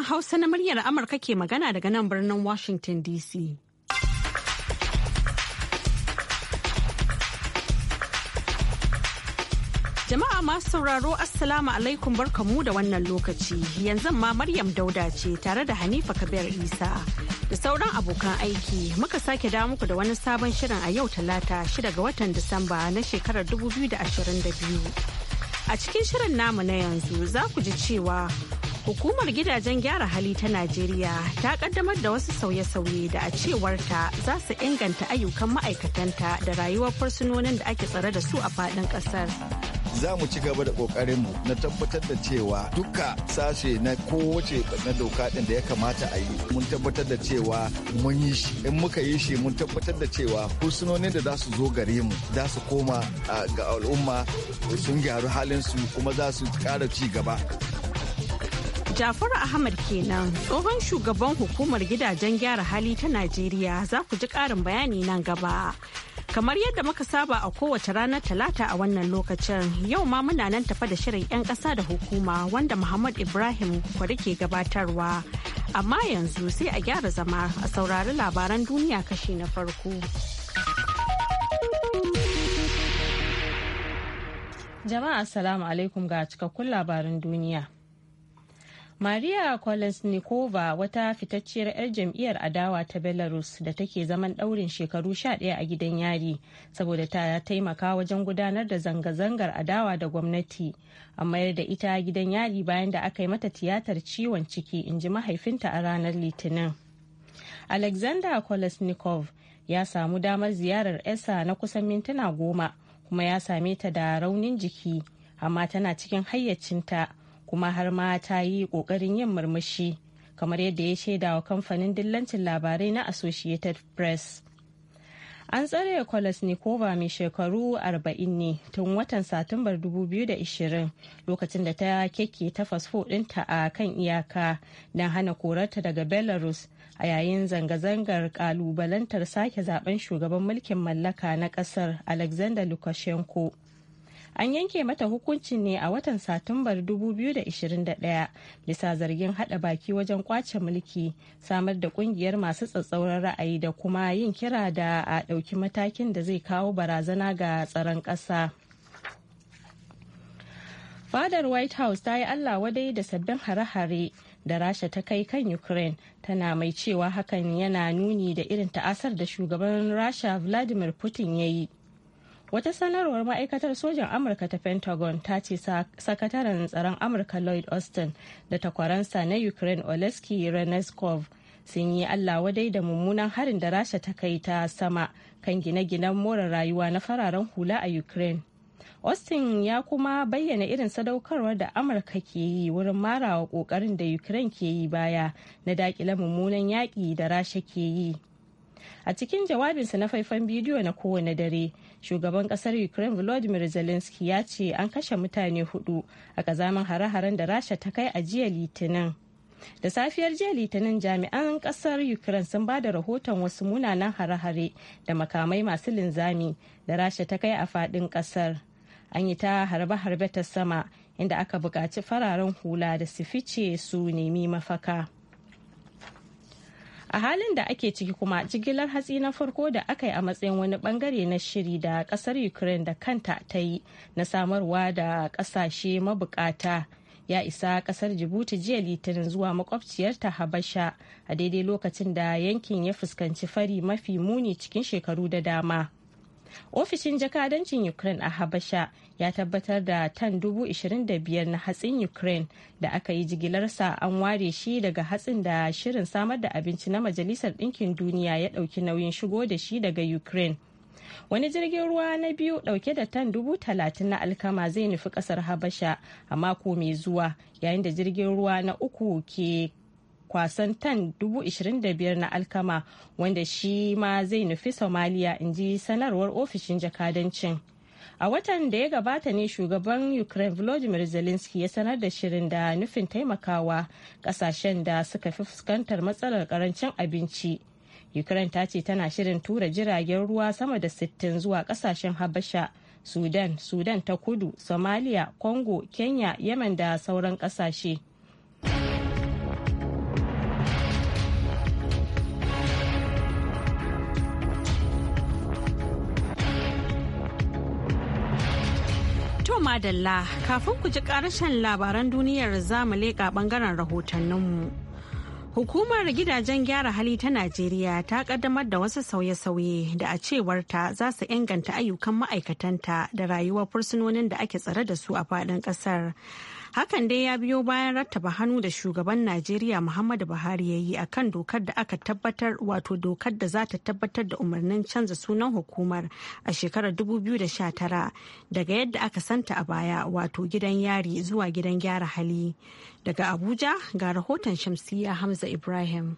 sashen Hausa na muryar Amurka ke magana daga nan birnin Washington DC. Jama'a masu sauraro Assalamu alaikum barkamu da wannan lokaci. Yanzu ma Maryam Dauda ce tare da Hanifa Kabir Isa da sauran abokan aiki muka sake da muku da wani sabon shirin a yau talata 6 ga watan Disamba na shekarar 2022. A cikin shirin namu na yanzu za ku ji cewa Hukumar gidajen gyara hali ta Najeriya ta kaddamar da wasu sauye-sauye da a cewarta za su inganta ayyukan ma'aikatanta da rayuwar fursunonin da ake tsare da su a faɗin ƙasar. Za mu ci gaba da ƙoƙarinmu na tabbatar da cewa duka sashe na kowace na doka ɗin da ya kamata a yi mun tabbatar da cewa mun yi shi in muka yi shi mun tabbatar da cewa fursunonin da za su zo gare mu za su koma ah, ga al'umma sun gyaru halinsu kuma za su ƙara ci gaba. Jafar Ahmad kenan tsohon shugaban hukumar gidajen gyara hali ta Najeriya za ku ji ƙarin bayani nan gaba. Kamar yadda muka saba a kowace ranar talata a wannan lokacin yau ma muna nan tafa da shirin 'yan ƙasa da hukuma wanda Muhammad Ibrahim kwari ke gabatarwa. Amma yanzu sai a gyara zama a saurari labaran duniya kashi na farko. Jama'a Assalamu alaikum ga cikakkun labaran duniya. Maria Kolesnikova wata fitacciyar 'yar jam'iyyar adawa ta Belarus da take zaman ɗaurin shekaru sha ɗaya a gidan yari saboda ta taimaka wajen gudanar da zanga-zangar adawa da gwamnati a mayar da ita gidan yari bayan da aka yi mata tiyatar ciwon ciki in ji mahaifinta a ranar litinin. Alexander Kolesnikov ya samu damar ziyarar esa na kusan mintuna goma kuma ya same ta da raunin jiki amma tana cikin hayyacinta. kuma har ma ta yi kokarin yin murmushi kamar yadda ya shaida wa kamfanin dillancin labarai na associated press an tsare kolesnikova mai shekaru 40 ne tun watan satumbar 2020 lokacin da ta keke ta fasfo ɗinta a kan iyaka don hana korarta daga belarus a yayin zanga-zangar kalubalantar sake zaben shugaban mulkin mallaka na ƙasar alexander lukashenko an yanke mata hukuncin ne a watan satumbar 2021 bisa zargin hada baki wajen kwace mulki samar da kungiyar masu tsatsauran ra'ayi da kuma yin kira da a ɗauki matakin da zai kawo barazana ga tsaron ƙasa. fadar white house ta yi allah wadai da sabbin hare-hare da rasha ta kai kan ukraine tana mai cewa hakan yana nuni da irin ta'asar da shugaban rasha vladimir putin ya yi Wata sanarwar ma'aikatar sojan Amurka ta Pentagon ta ce sakataren tsaron Amurka Lloyd Austin da takwaransa na Ukraine Oleski Reneskov sun yi Allah wadai da mummunan harin da Rasha ta kai ta sama kan gine-ginen more rayuwa na fararen hula a Ukraine. Austin ya kuma bayyana irin sadaukarwar da Amurka ke yi wurin marawa kokarin da Ukraine ke yi baya na dakile mummunan yaƙi da Rasha ke yi. A cikin jawabinsa na faifan bidiyo na kowane dare, shugaban kasar ukraine volodymyr zelensky ya ce an kashe mutane hudu a kazamin hare-haren da rasha ta kai a jiya litinin da safiyar jiya litinin jami'an kasar ukraine sun ba da rahoton wasu munanan hare-hare da makamai masu linzami da rasha ta kai a fadin kasar an yi ta harbe-harbe ta sama inda aka buƙaci fararen hula da su fice su nemi mafaka. a halin da ake ciki kuma jigilar hatsi na farko da aka yi a matsayin wani bangare na shiri da kasar ukraine da kanta ta yi na samarwa da kasashe mabukata ya isa kasar jibuti jiya litinin zuwa makwabciyarta habasha a daidai lokacin da yankin ya fuskanci fari mafi muni cikin shekaru da dama ofishin jakadancin ukraine a habasha ya tabbatar da tan dubu biyar na hatsin ukraine da aka yi jigilarsa an ware shi daga hatsin da shirin samar da abinci na majalisar ɗinkin duniya ya ɗauki nauyin shigo da shi daga ukraine wani jirgin ruwa na biyu ɗauke da tan dubu talatin na alkama zai nufi ƙasar habasha a mako mai zuwa yayin da jirgin ruwa na uku ke kwasan tan 25,000 na alkama wanda shi ma zai nufi somalia in ji sanarwar ofishin jakadancin a watan da ya gabata ne shugaban ukraine volodymyr zelensky ya sanar da shirin da nufin taimakawa kasashen da suka fi fuskantar matsalar karancin abinci ukraine ta ce tana shirin tura jiragen ruwa sama da 60 zuwa kasashen habasha sudan sudan ta kudu somalia congo kenya yemen da sauran kasashe madalla kafin ku ji karashen labaran duniyar zamu leƙa bangaren rahotanninmu. Hukumar gidajen gyara hali ta Najeriya ta kaddamar da wasu sauye-sauye da a cewarta za su inganta ayyukan ma'aikatanta da rayuwar fursunonin da ake tsare da su a faɗin ƙasar. Hakan dai ya biyo bayan rattaba hannu da shugaban Najeriya Muhammadu Buhari ya yi akan dokar da aka tabbatar wato dokar da za ta tabbatar da umarnin canza sunan hukumar a shekarar 2019 daga yadda aka santa a baya wato gidan yari zuwa gidan gyara hali. Daga Abuja ga rahoton Shamsiya Hamza Ibrahim.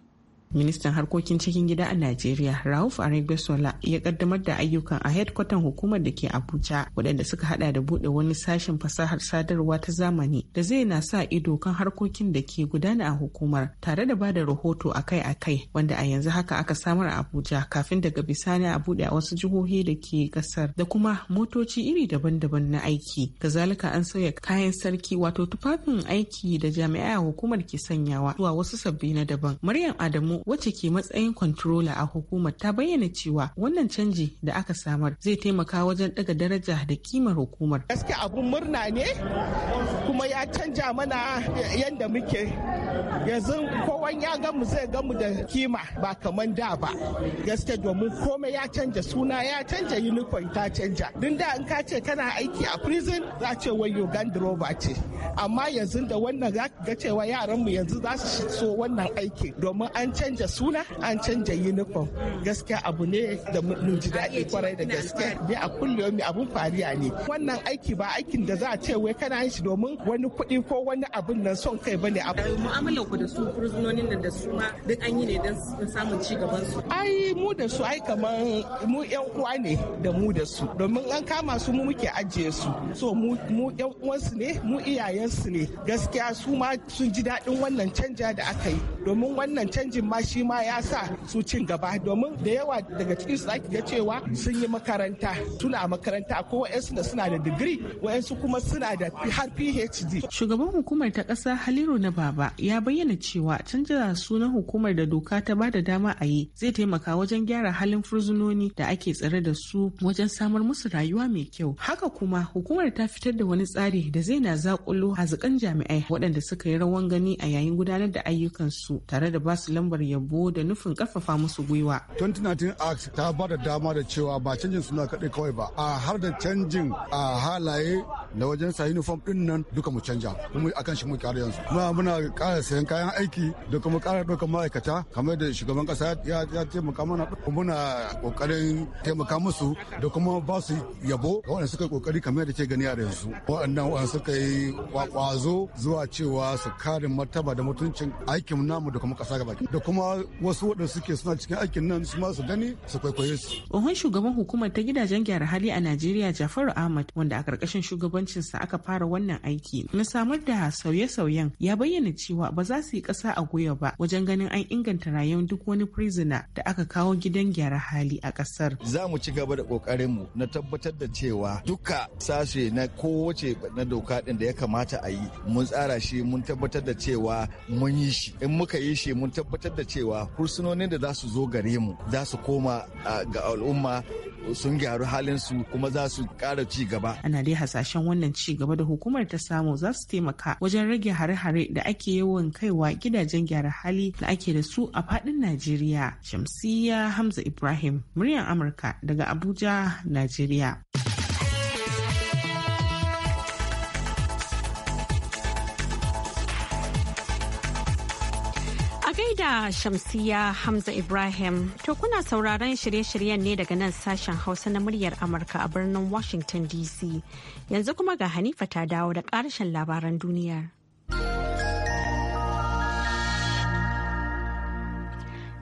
ministan harkokin cikin gida a najeriya rauf aregbesola ya kaddamar da ayyukan a hedkwatan hukumar da ke abuja waɗanda suka hada da buɗe wani sashen fasahar sadarwa ta zamani da zai na sa ido kan harkokin da ke gudana a hukumar tare da bada rahoto akai-akai wanda a yanzu haka aka samar a abuja kafin daga bisani a buɗe a wasu jihohi da ke ƙasar da kuma motoci iri daban-daban na aiki kazalika an sauya kayan sarki wato tufafin aiki da jami'a hukumar ke sanyawa zuwa wasu sabbi na daban maryam adamu wacce ke matsayin controller a hukumar ta bayyana cewa wannan canji da aka samar zai taimaka wajen daga daraja da kimar hukumar. Gaske abun murna ne kuma ya canja mana yadda muke yanzu kowan ya gamu zai gamu da kima ba kamar da ba gaske domin komai ya canja suna ya canja uniform ta canja Dun da in ka ce kana aiki a prison za ce wai Uganda roba ce amma yanzu da wannan za ga cewa yaranmu mu yanzu za su so wannan aiki domin an canja canja suna an canja uniform gaskiya abu ne da mun ji daɗi kwarai da gaske ne a kullum abun fariya ne wannan aiki ba aikin da za a ce wai kana yin shi domin wani kuɗi ko wani abun nan son kai bane a mu'amalar ku da su fursunonin da su ma duk an yi ne don samun ci gaban su ai mu da su ai kaman mu yan uwa ne da mu da su domin an kama su mu muke ajiye su so mu yan su ne mu iyayensu ne gaskiya su ma sun ji daɗin wannan canja da aka yi domin wannan canjin ma shi ma ya sa su cin gaba domin da yawa daga cikin su zaki ga cewa sun yi makaranta suna a makaranta ko wa'yansu da suna da digiri wa'yansu kuma suna da har PhD. Shugaban hukumar ta kasa Haliru na Baba ya bayyana cewa canza sunan hukumar da doka ta bada dama a yi zai taimaka wajen gyara halin fursunoni da ake tsare da su wajen samar musu rayuwa mai kyau. Haka kuma hukumar ta fitar da wani tsari da zai na zakulo hazikan jami'ai waɗanda suka yi rawan gani a yayin gudanar da ayyukansu tare da basu lambar yabo da nufin karfafa musu gwiwa. 2019 Act ta ba da dama da cewa ba canjin suna kaɗai kawai ba, a har da canjin a halaye da wajen sa uniform din nan duka mu canja kuma akan shi mu ƙara yanzu. Muna muna ƙara sayan kayan aiki da kuma ƙara ɗaukar ma'aikata kamar da shugaban ƙasa ya taimaka mana muna ƙoƙarin taimaka musu da kuma ba su yabo ga waɗanda suka ƙoƙari kamar da ke gani a yanzu. Waɗannan waɗanda suka yi ƙwaƙwazo zuwa cewa su kare martaba da mutuncin aikin namu da kuma ƙasa gaba da kuma kuma wasu waɗanda suke suna cikin aikin nan su gani su kwaikwaye su. Tsohon shugaban hukumar ta gidajen gyara hali a Najeriya Jafaru Ahmad wanda a ƙarƙashin shugabancinsa aka fara wannan aiki na samar da sauye-sauyen ya bayyana cewa ba za su yi ƙasa a goya ba wajen ganin an inganta rayuwar duk wani prisoner da aka kawo gidan gyara hali a kasar. Za mu ci gaba da ƙoƙarinmu na tabbatar da cewa duka sashe na kowace na doka ɗin da ya kamata a yi mun tsara shi mun tabbatar da cewa mun yi shi in muka yi shi mun tabbatar da da cewa fursunonin da za su zo gare mu za su koma ga al'umma sun gyaru halinsu kuma za su ƙara ci gaba. Ana dai hasashen wannan ci gaba da hukumar ta samu za su taimaka wajen rage hare-hare da ake yawan kaiwa gidajen gyara hali da ake da su a faɗin Najeriya. Shamsiya Hamza Ibrahim, muryar Amurka daga Abuja, Najeriya. gaida Shamsiya Hamza Ibrahim. To kuna sauraron shirye-shiryen ne daga nan sashen Hausa na muryar Amurka a birnin Washington DC. Yanzu kuma ga Hanifa ta dawo da ƙarshen labaran duniya.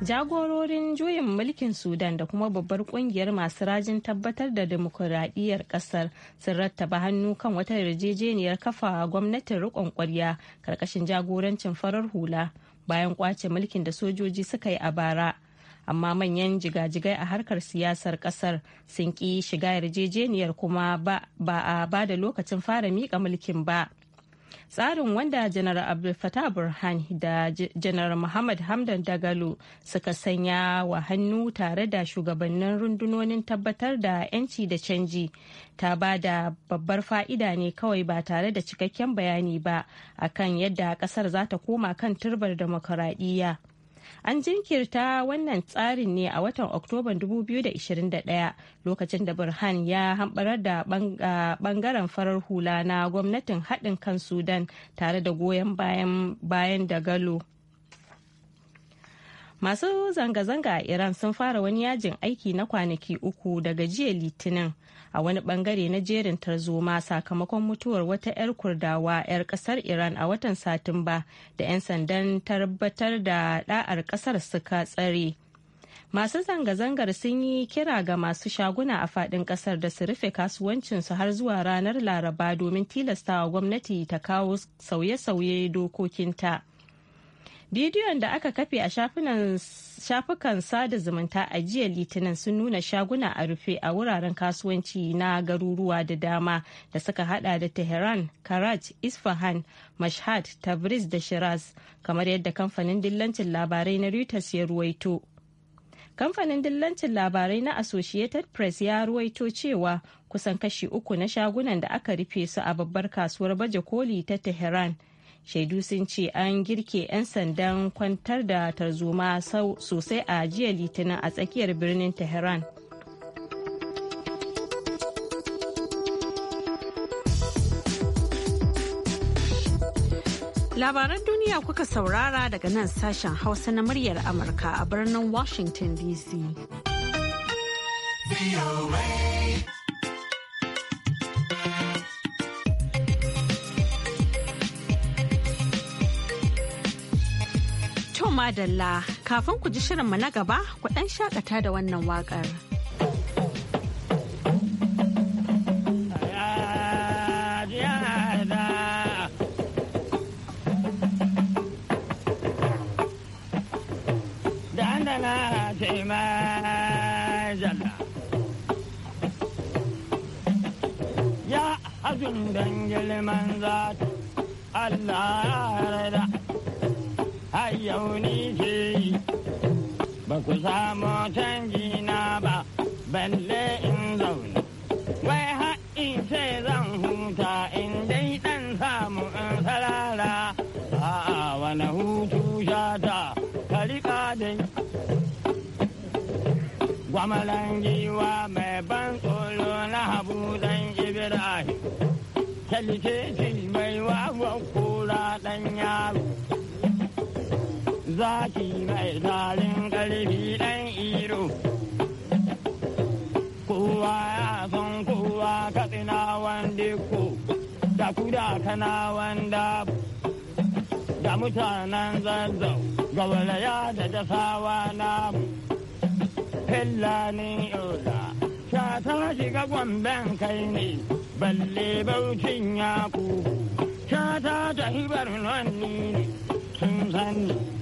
Jagororin juyin mulkin Sudan da kuma babbar kungiyar masu rajin tabbatar da demokuraɗiyyar ƙasar sun rattaba hannu kan wata yarjejeniyar kafa gwamnatin riƙon ƙwarya ƙarƙashin jagorancin farar hula. bayan kwace mulkin da sojoji suka yi a bara amma manyan jigajigai a harkar siyasar kasar sun ƙi shiga yarjejeniyar kuma ba a ba da lokacin fara miƙa mulkin ba tsarin wanda janar abdul fatah burhan da janar muhammad hamdan dagalo suka sanya wa hannu tare da shugabannin rundunonin tabbatar da 'yanci da canji ta ba da babbar fa'ida ne kawai ba tare da cikakken bayani ba akan yadda kasar za ta koma kan turbar demokaradiyya An jinkirta wannan tsarin ne a watan Oktoban 2021 lokacin da Burhan ya hambarar da bangaren farar hula na gwamnatin haɗin kan Sudan tare da goyon bayan da galo. Masu zanga-zanga a Iran sun fara wani yajin aiki na kwanaki uku daga jiya Litinin a wani bangare na jerin tarzoma sakamakon mutuwar wata 'yar kurdawa 'yar kasar iran a watan satumba da 'yan sandan tabbatar da da'ar kasar suka tsare masu zanga-zangar sun yi kira ga masu shaguna a fadin kasar da su rufe kasuwancinsu har zuwa ranar laraba domin tilastawa gwamnati ta kawo sauye-sauye dokokinta bidiyon da aka kafe a shafukan sada zumunta a jiya litinin sun nuna shaguna a rufe a wuraren kasuwanci na garuruwa da dama da suka hada da tehran karaj isfahan mashhad tabriz da shiraz kamar yadda kamfanin dillancin labarai na reuters ya ruwaito kamfanin dillancin labarai na associated press ya ruwaito cewa kusan kashi uku na shagunan da aka rufe su a babbar kasuwar baje koli ta tehran shaidu sun ce an girke 'yan sandan kwantar da tarzoma sosai a jiya litinin a tsakiyar birnin tehran labaran duniya kuka saurara daga nan sashen hausa na muryar amurka a birnin washington dc dalla kafin ku ji shirin shirinmu na gaba ku ɗan shakata da wannan waƙar. Ya hajjun dangil manzat Allah ya yauni ke ba ku samu canji na ba balle in zaune wai haɗi ce zan huta in dai ɗan samu in sarara a'a wani hutu shata karika dai gwamalan giwa mai ban tsoro na habu dan ibrahim kyalke mai wawan kura ɗan yaro zaki mai zalin ƙarfi ɗan iro. Kowa ya san kowa katsina wanda ko, da kuda kana wanda da mutanen zazzau, ya da dasawa namu. Fillanin yola, sha ta shiga gwamben kai ne, balle baucin ya ku. sha ta hibar nan ne, sun sani.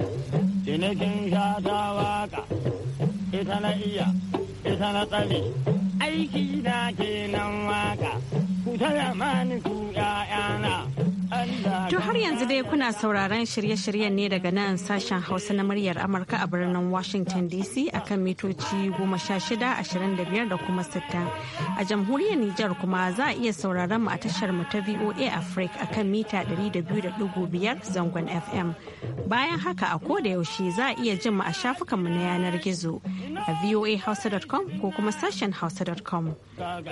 cinikin sha ta waka ita na iya ita na tsare aiki na kenan waka ku taya mani ku 'ya'yana To har yanzu dai kuna sauraron shirye-shiryen ne daga nan sashen Hausa na muryar Amurka a birnin Washington DC akan mitoci 1625 da kuma 60. A jamhuriyar Nijar kuma za a iya sauraron mu a tashar mu ta VOA Africa akan mita 200.5 zangon FM. Bayan haka a ko da yaushe za a iya jin mu a shafukan mu na yanar gizo a voahausa.com ko kuma sashen hausa.com.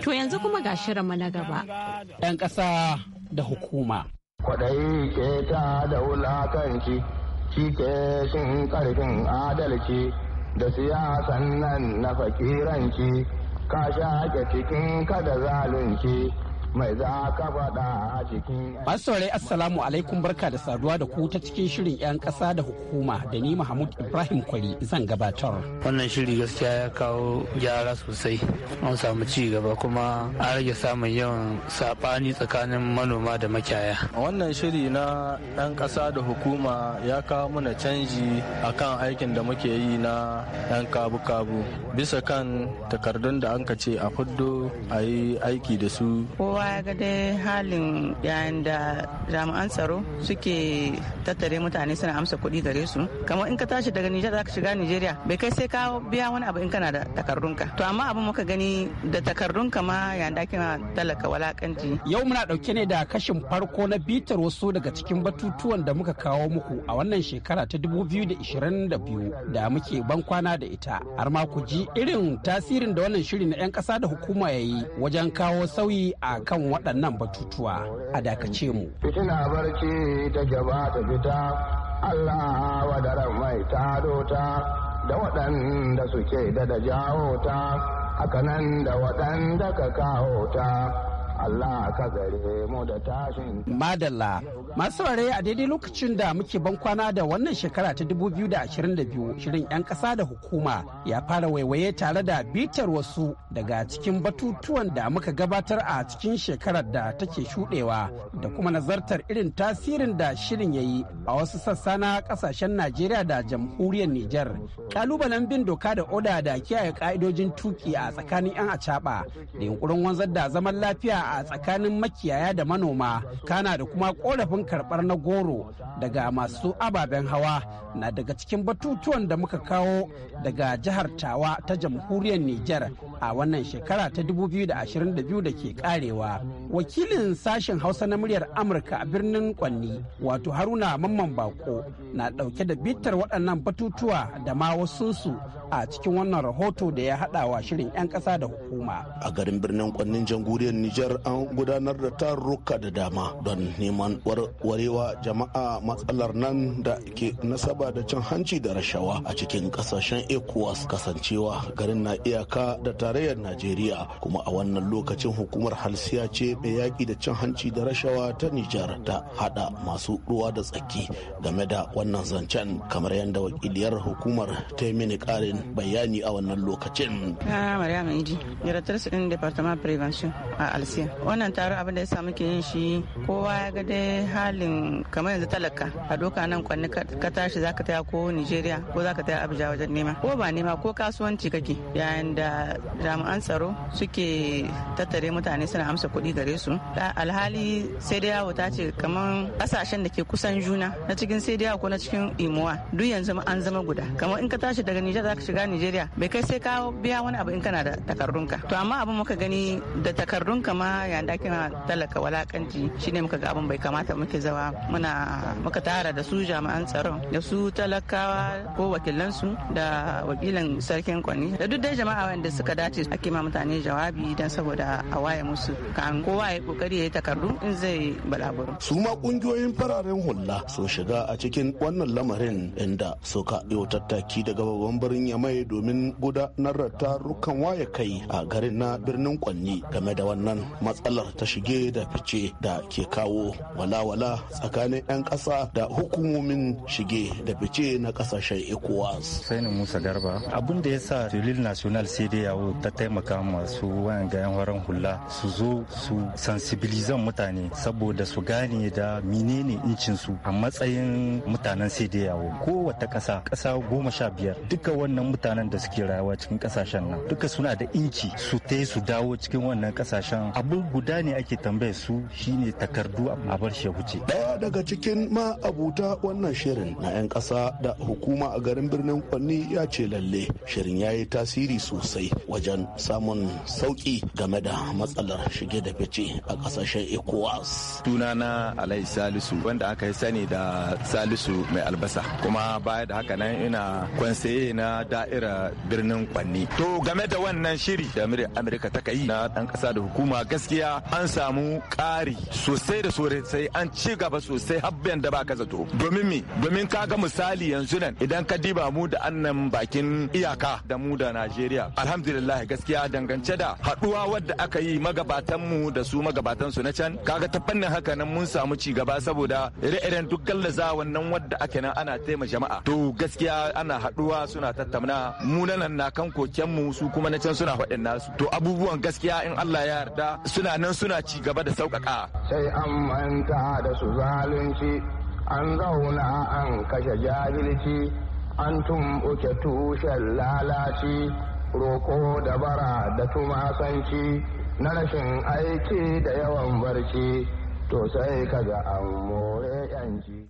To yanzu kuma ga shirin mu na gaba. 'Yan ƙasa da hukuma. Kwaɗayi ke ta da wulakanci, shi ke shin ƙarfin adalci da siyasan nan na fakiranci, ka shaƙe cikin kada zalunci. mai za ka faɗa a cikin Assalamu alaikum barka da saduwa da ku ta cikin shirin 'yan ƙasa da hukuma da ni Mahmud Ibrahim Kwari zan gabatar. Wannan shiri gaskiya ya kawo gyara sosai an samu ci gaba kuma an rage samun yawan saɓani tsakanin manoma da makyaya. Wannan shiri na 'yan ƙasa da hukuma ya kawo mana canji akan aikin da muke yi na 'yan kabu-kabu bisa kan takardun da an ka ce a fuddo a aiki da su. kowa ya ga dai halin yayin da jami'an tsaro suke tattare mutane suna amsa kuɗi gare su kamar in ka tashi daga nijar za ka shiga nijeriya bai kai sai ka biya wani abu in kana da takardunka to amma abin muka gani da takardunka ma yayin da kina talaka walakanci yau muna dauke ne da kashin farko na bitar wasu daga cikin batutuwan da muka kawo muku a wannan shekara ta 2022 da muke ban kwana da ita har ma ku ji irin tasirin da wannan shiri na 'yan ƙasa da hukuma ya yi wajen kawo sauyi a Kan waɗannan batutuwa a dakace mu. Fitina barci ta gaba ta fita, Allah wadaran mai ta da waɗanda suke da da jawo ta, hakanan da waɗanda ka kawo ta. Allah ka gare mu da tashin. Madalla, masu ware a daidai lokacin da muke ban kwana da wannan shekara ta 2022 shirin 'yan ƙasa da hukuma ya fara waiwaye tare da bitar wasu daga cikin batutuwan da muka gabatar a cikin shekarar da take shudewa da kuma nazartar irin tasirin da shirin ya yi a wasu sassa na ƙasashen Najeriya da jamhuriyar Nijar. Kalubalen bin doka da oda da kiyaye ka'idojin tuki a tsakanin 'yan acaɓa da yunkurin wanzar da zaman lafiya a tsakanin makiyaya da manoma kana da kuma korafin karbar na goro daga masu ababen hawa na daga cikin batutuwan da muka kawo daga jihar tawa ta jamhuriyar niger a wannan shekara ta 2022 da ke karewa wakilin sashen hausa na muryar amurka a birnin kwanni wato haruna mamman bako na dauke da bitar waɗannan batutuwa da ma wasunsu a cikin wannan rahoto da ya haɗa wa shirin 'yan ƙasa da hukuma a garin birnin kwannin jamhuriyar niger an gudanar da tarurruka da dama don neman warewa jama'a matsalar nan da ke nasaba da cin hanci da rashawa a cikin kasashen ecowas kasancewa garin na iyaka da tarayyar najeriya kuma a wannan lokacin hukumar halsiya ce mai yaƙi da cin hanci da rashawa ta nijar ta hada masu ruwa da tsaki game da wannan zancen kamar yadda wakiliyar hukumar ta yi mini karin bayani a wannan lokacin. Ah, Maryam Idi, in Department Prevention a Alsiya. wannan taron abin da ya samu ke yin shi kowa ya ga dai halin kamar yanzu talaka a doka nan kwanni ka tashi zaka taya ko nigeria ko zaka taya abuja wajen nema ko ba nema ko kasuwanci kake yayin da jami'an tsaro suke tattare mutane suna amsa kuɗi gare su alhali sai dai yawo ta ce kamar kasashen da ke kusan juna na cikin sai dai yawo ko na cikin imuwa duk yanzu an zama guda kamar in ka tashi daga nijar zaka shiga nigeria bai kai sai ka biya wani abu in kana da takardunka to amma abin muka gani da takardunka ma kuma yayin da kina talaka walakanci ne muka ga abin bai kamata muke zama muna muka tara da su jami'an tsaron da su talakawa ko wakilansu da wakilan sarkin kwani da duk dai jama'a wanda suka dace ake ma mutane jawabi dan saboda a waye musu kan kowa ya kokari ya yi takardu in zai balaburu. su ma kungiyoyin fararen hula su shiga a cikin wannan lamarin inda suka ɗau tattaki daga babban birnin yamai domin gudanar da tarukan waye kai a garin na birnin kwanni game da wannan matsalar ta shige da fice da ke kawo walawala tsakanin 'yan ƙasa da hukumomin shige da fice na kasashen ecowas sainin musa garba abin da ya sa filin national yawo ta taimaka masu wayan gayan waran hula su zo su sansibilizan mutane saboda su gane da menene su a matsayin mutanen yawo kowace ƙasa kasa goma sha biyar duka wannan mutanen da suke rayuwa cikin ƙasashen nan duka suna da inci su ta su dawo cikin wannan ƙasashen abin abu guda ne ake tambaya su shine takardu a bar shi wuce daya daga cikin ma abuta wannan shirin na 'yan ƙasa da hukuma a garin birnin kwanni ya ce lalle shirin ya yi tasiri sosai wajen samun sauki game da matsalar shige da fice a ƙasashen ecowas sunana alai salisu wanda aka yi sani da salisu mai albasa kuma baya da haka nan ina kwanse na da'ira birnin kwanni to game da wannan shiri da amurka ta yi na ɗan ƙasa da hukuma gaskiya an samu ƙari sosai da sosai an ci gaba sosai habben da baka zato domin me domin kaga misali yanzu nan idan ka diba mu da annan bakin iyaka da mu da Najeriya alhamdulillah gaskiya dangance da haduwa wadda aka yi magabatan mu da su magabatan su na can kaga ta fannin haka nan mun samu ci gaba saboda ire-iren duk gallaza wannan wadda ake nan ana taima jama'a to gaskiya ana haduwa suna tattauna mu nan na kan koken su kuma na can suna faɗin nasu to abubuwan gaskiya in Allah ya yarda suna nan suna ci gaba da sauƙaƙa. Sai an manta da su zalunci, an zauna an kashe jahilci, an tumɓuke tushen lalaci, roƙo da bara da tumasanci, na rashin aiki da yawan barci. to sai ka an more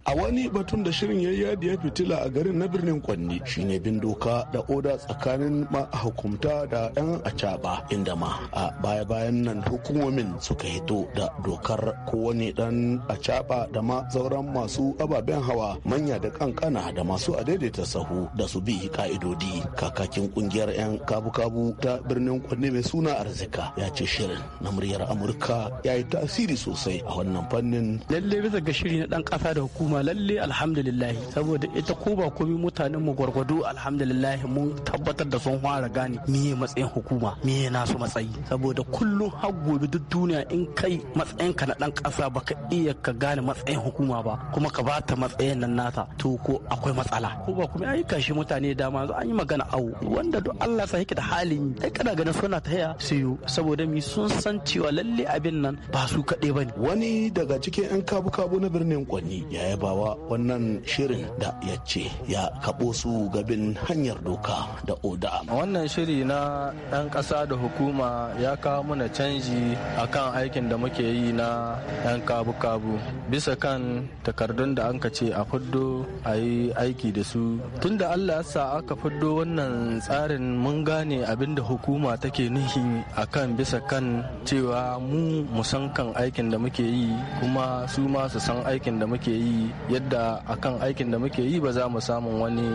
A wani batun da shirin ya yadi ya fitila a garin na birnin Kwanni shine bin doka da oda tsakanin hukumta da 'yan acaba inda ma a baya-bayan nan hukumomin suka hito da dokar kowane dan acaba da ma zauren masu ababen hawa manya da kankana da masu adaidaita sahu da su bi ka'idodi kakakin kungiyar 'yan kabu-kabu ta birnin kwanne mai suna arzika ya ce shirin na muryar Amurka ya yi tasiri sosai a wani wannan fannin lalle bisa ga shiri na dan kasa da hukuma lalle alhamdulillah saboda ita ko ba komi mutanen mu gwargwado alhamdulillah mun tabbatar da sun fara gane miye matsayin hukuma miye nasu matsayi saboda kullum har gobe duk duniya in kai matsayin ka na dan kasa baka iya ka gane matsayin hukuma ba kuma ka bata matsayin nan nata to ko akwai matsala ko ba kuma ai kashi mutane dama an yi magana awu wanda duk Allah sa yake da halin ai kana ganin suna ta haya sayo saboda mi sun san cewa lalle abin nan ba su kaɗai bane wani daga cikin 'yan kabu-kabu na birnin Kwanni ya bawa wannan shirin da ya ce ya kabo su gabin hanyar doka da oda. Wannan shiri na 'yan kasa da hukuma ya kawo mana canji akan aikin da muke yi na 'yan kabu-kabu bisa kan takardun da an ka ce a fuddo a yi aiki da su. Tunda Allah ya sa aka fuddo wannan tsarin mun gane abin da hukuma take nuhi akan bisa kan cewa mu musan kan aikin da muke yi kuma su ma su san aikin da muke yi yadda akan aikin da muke yi ba za mu samun wani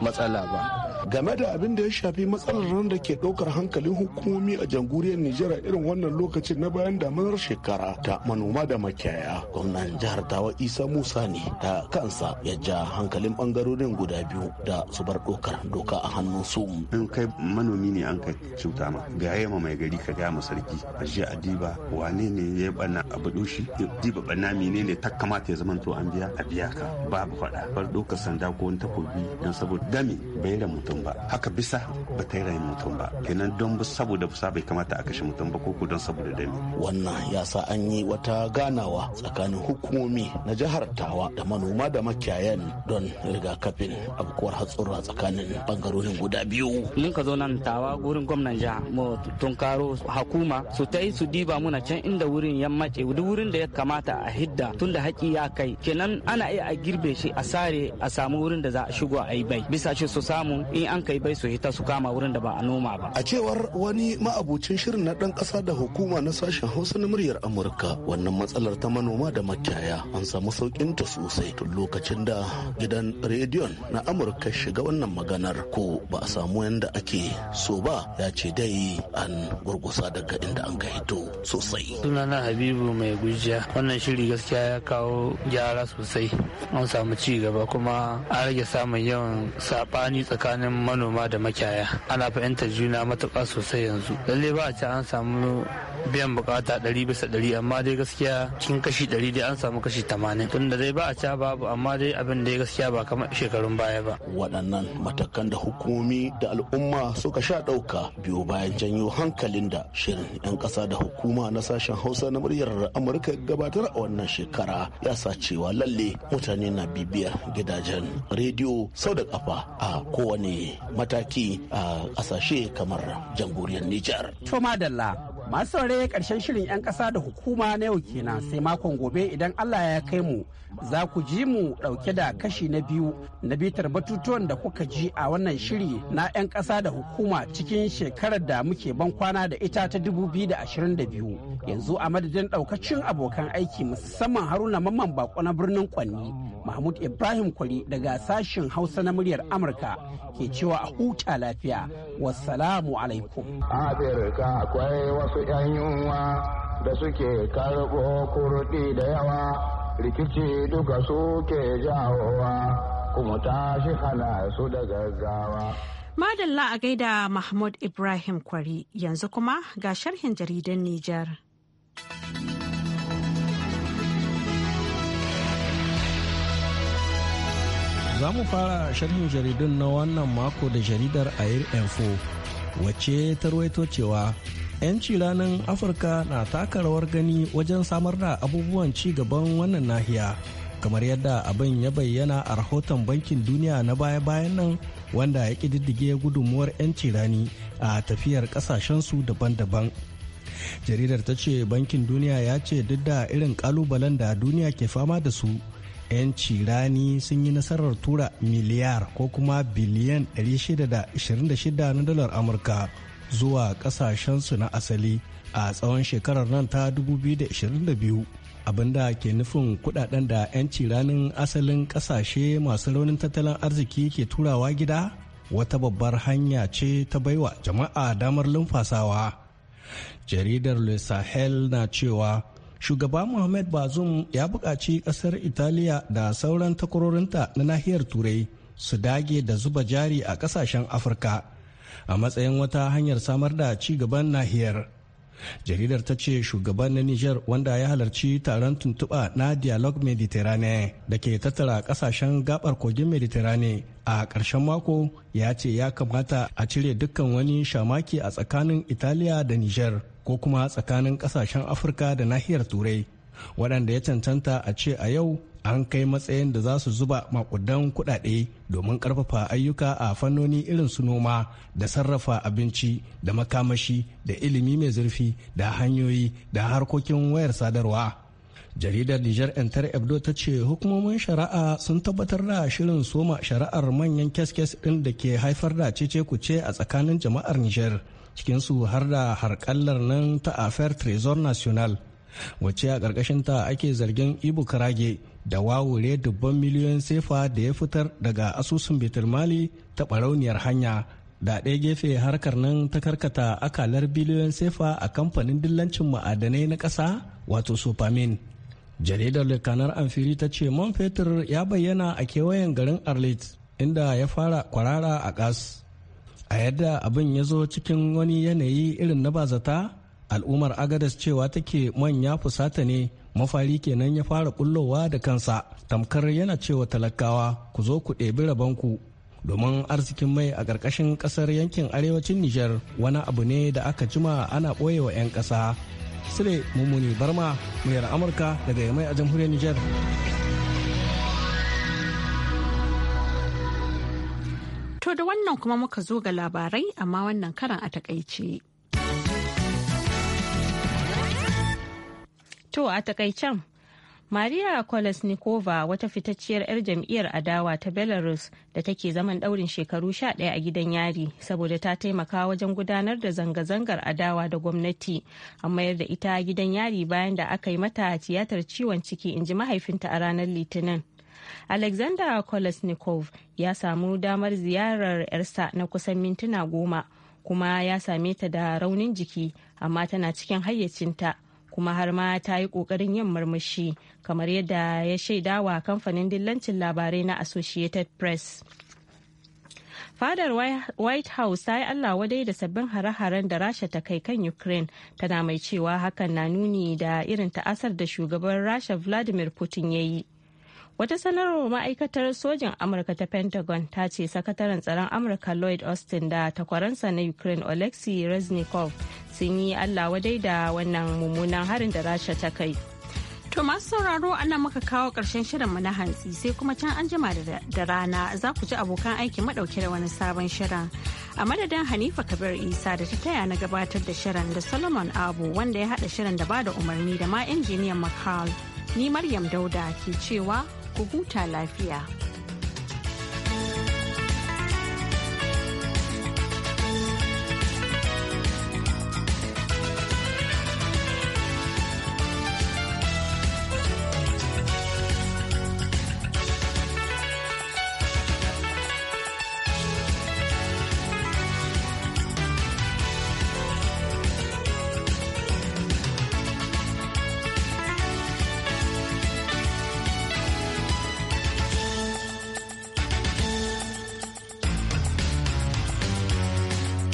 matsala ba game da abin da ya shafi matsalar nan da ke ɗaukar hankalin hukumomi a jamhuriyar Nijar a irin wannan lokacin na bayan damanar shekara ta manoma da makiyaya. Gwamnan jihar Tawa Isa Musa ne ta kansa ya ja hankalin bangarorin guda biyu da su bar ɗaukar doka a hannun su. An kai manomi ne an kai cuta ma ga yamma mai gari ka gaya ma sarki a je a diba wane ne ya bana abu doshi diba bana ne ta kamata ya zamanto an biya a biya ka babu faɗa bar ɗaukar sanda ko wani takobi don saboda gami bai da mutum mutum ba haka bisa ba ta yi mutum ba kenan don saboda bisa bai kamata a kashe mutum ba koko don saboda dami wannan ya sa an yi wata ganawa tsakanin hukumomi na jihar tawa da manoma da makiyayan don rigakafin abubuwar hatsura tsakanin bangarorin guda biyu mun ka zo nan tawa wurin gwamnan jiha mu tunkaro hakuma su ta yi su diba muna can inda wurin ya mace duk wurin da ya kamata a hidda tun da haƙi ya kai kenan ana iya a girbe shi a sare a samu wurin da za a shigo a yi bai bisa shi su samu in an kai bai su hita su kama wurin da ba a noma ba a cewar wani ma'abucin shirin na ɗan ƙasa da hukuma na sashen hausa na muryar amurka wannan matsalar ta manoma da makiyaya an samu saukin ta sosai tun lokacin da gidan rediyon na amurka shiga wannan maganar ko ba a samu yadda ake so ba ya ce dai an gurgusa daga inda an ga hito sosai sunana habibu mai gujiya wannan shiri gaskiya ya kawo gyara sosai an samu ci gaba kuma an rage samun yawan saɓani tsakanin tsakanin manoma da makiyaya ana fahimtar juna matuƙa sosai yanzu lalle ba a ci an samu biyan bukata ɗari bisa ɗari amma dai gaskiya cikin kashi ɗari dai an samu kashi tamanin tunda dai ba a ca babu amma dai abin da ya gaskiya ba kamar shekarun baya ba waɗannan matakan da hukumomi da al'umma suka sha ɗauka biyu bayan janyo hankalin da shirin 'yan ƙasa da hukuma na sashen hausa na muryar amurka gabatar a wannan shekara ya sa cewa lalle mutane na bibiyar gidajen rediyo sau da kafa a kowane mataki a ƙasashe kamar jamhuriyar Nijar. To masu saurare karshen shirin 'yan kasa da hukuma na yau kenan sai makon gobe idan allah ya kai mu za ku ji mu dauke da kashi na biyu na bitar batutuwan da kuka ji a wannan shiri na 'yan kasa da hukuma cikin shekarar da muke ban kwana da ita ta da ashirin biyu. yanzu a madadin ɗaukacin abokan aiki musamman haruna mamman bako na birnin kwanni mahmud ibrahim kwari daga sashen hausa na muryar amurka ke cewa a huta lafiya wassalamu alaikum wasu 'yan yunwa da suke karɓo kurɗi da yawa rikici duka suke jawowa kuma shi hana su da gaggawa. Madalla a gaida Mahmud Ibrahim Kwari yanzu kuma ga sharhin jaridan Nijar. Za mu fara sharhin jaridun na wannan mako da jaridar Air Info wacce ta ruwaito cewa 'yanci ranar afirka na taka rawar gani wajen samar da abubuwan ci gaban wannan nahiya kamar yadda abin ya bayyana a rahoton bankin duniya na baya-bayan nan wanda ya ƙididdige gudunmuwar 'yanci rani a tafiyar ƙasashensu daban-daban jaridar ta ce bankin duniya ya ce duk da irin ƙalubalen da duniya ke fama da su 'yanci rani sun yi nasarar tura miliyar ko kuma biliyan 626 na dalar amurka zuwa kasashensu na asali a tsawon shekarar nan ta 2022 abinda ke nufin kudaden da 'yanci ranin asalin kasashe masu raunin tattalin arziki ke turawa gida wata babbar hanya ce ta baiwa jama'a damar lumfasawa jaridar le sahel na cewa shugaba mohamed bazoum ya buƙaci ƙasar italiya da sauran takwarorinta na nahiyar turai su dage da zuba jari a ƙasashen afirka a matsayin wata hanyar samar da ci gaban nahiyar jaridar ta ce shugaban na niger wanda ya halarci taron tuntuɓa na dialogue mediterrane da ke tattara ƙasashen gabar kogin mediterrane a ƙarshen mako ya ce ya kamata a cire dukkan wani shamaki a tsakanin italiya da niger ko kuma tsakanin ƙasashen afirka da nahiyar turai waɗanda ya cancanta a ce a yau an kai matsayin da za su zuba makudan kudade domin karfafa ayyuka a fannoni irin su noma da sarrafa abinci da makamashi da ilimi mai zurfi da hanyoyi da harkokin wayar sadarwa jaridar niger enter ebdo ta ce hukumomin shari'a sun tabbatar da shirin soma shari'ar manyan kyaskyas ɗin da ke haifar da cece kuce a tsakanin jama'ar niger cikinsu har da harkallar nan ta affaire trésor national wacce a ƙarƙashinta ake zargin ibu karage da wawure dubban miliyoyin sefa da ya fitar daga asusun mali ta barauniyar hanya da ɗaya gefe harkar nan ta karkata akalar biliyoyin sefa a kamfanin dillancin ma'adanai na ƙasa wato supamin jaridar lekanar amfiri ta ce man fetur ya bayyana a kewayen garin arlit inda ya fara kwarara a gas a yadda abin ya zo cikin wani yanayi irin na bazata al'ummar agadas cewa take manya fusata ne mafari kenan ya fara kullowa da kansa tamkar yana cewa talakawa ku zo ku ɗebi rabanku domin arzikin mai a ƙarƙashin ƙasar yankin arewacin nijar wani abu ne da aka jima ana ɓoyewa 'yan ƙasa sire mummuni barma muryar amurka daga yamai a jamhuriyar nijar to da wannan kuma muka zo ga labarai amma wannan karan a takaice. To a takaicen Maria Kolesnikova wata fitacciyar 'yar jam'iyyar adawa ta Belarus da take zaman daurin shekaru 11 a gidan yari saboda ta taimaka wajen gudanar da zanga-zangar adawa da gwamnati a mayar da ita gidan yari bayan da aka yi mata tiyatar ciwon ciki inji mahaifinta a ranar Litinin. Alexander Kolesnikov ya samu damar ziyarar 'yarsa na kusan mintuna goma kuma ya same ta da raunin jiki amma tana cikin hayyacinta. kuma har ma ta yi kokarin yin marmashi kamar yadda ya shaidawa kamfanin dillancin labarai na associated press fadar white house ta yi allah wadai da sabbin hare-haren da rasha ta kai kan ukraine tana mai cewa hakan na nuni da irin ta'asar da shugaban rasha vladimir putin ya yi Wata sanarwar ma'aikatar sojin Amurka ta Pentagon ta ce sakataren tsaron Amurka Lloyd Austin da takwaransa na Ukraine Oleksiy Reznikov sun yi Allah wadai da wannan mummunan harin da Rasha ta kai. To masu sauraro ana muka kawo shirin shirinmu na hantsi sai kuma can an jima da rana za ku ji abokan aiki madauke da wani sabon shirin. A madadin Hanifa Kabir Isa da ta taya na gabatar da shirin da Solomon Abu wanda ya haɗa shirin da ba da umarni da ma injiniyan Makal. Ni Maryam Dauda ke cewa ku huta lafiya.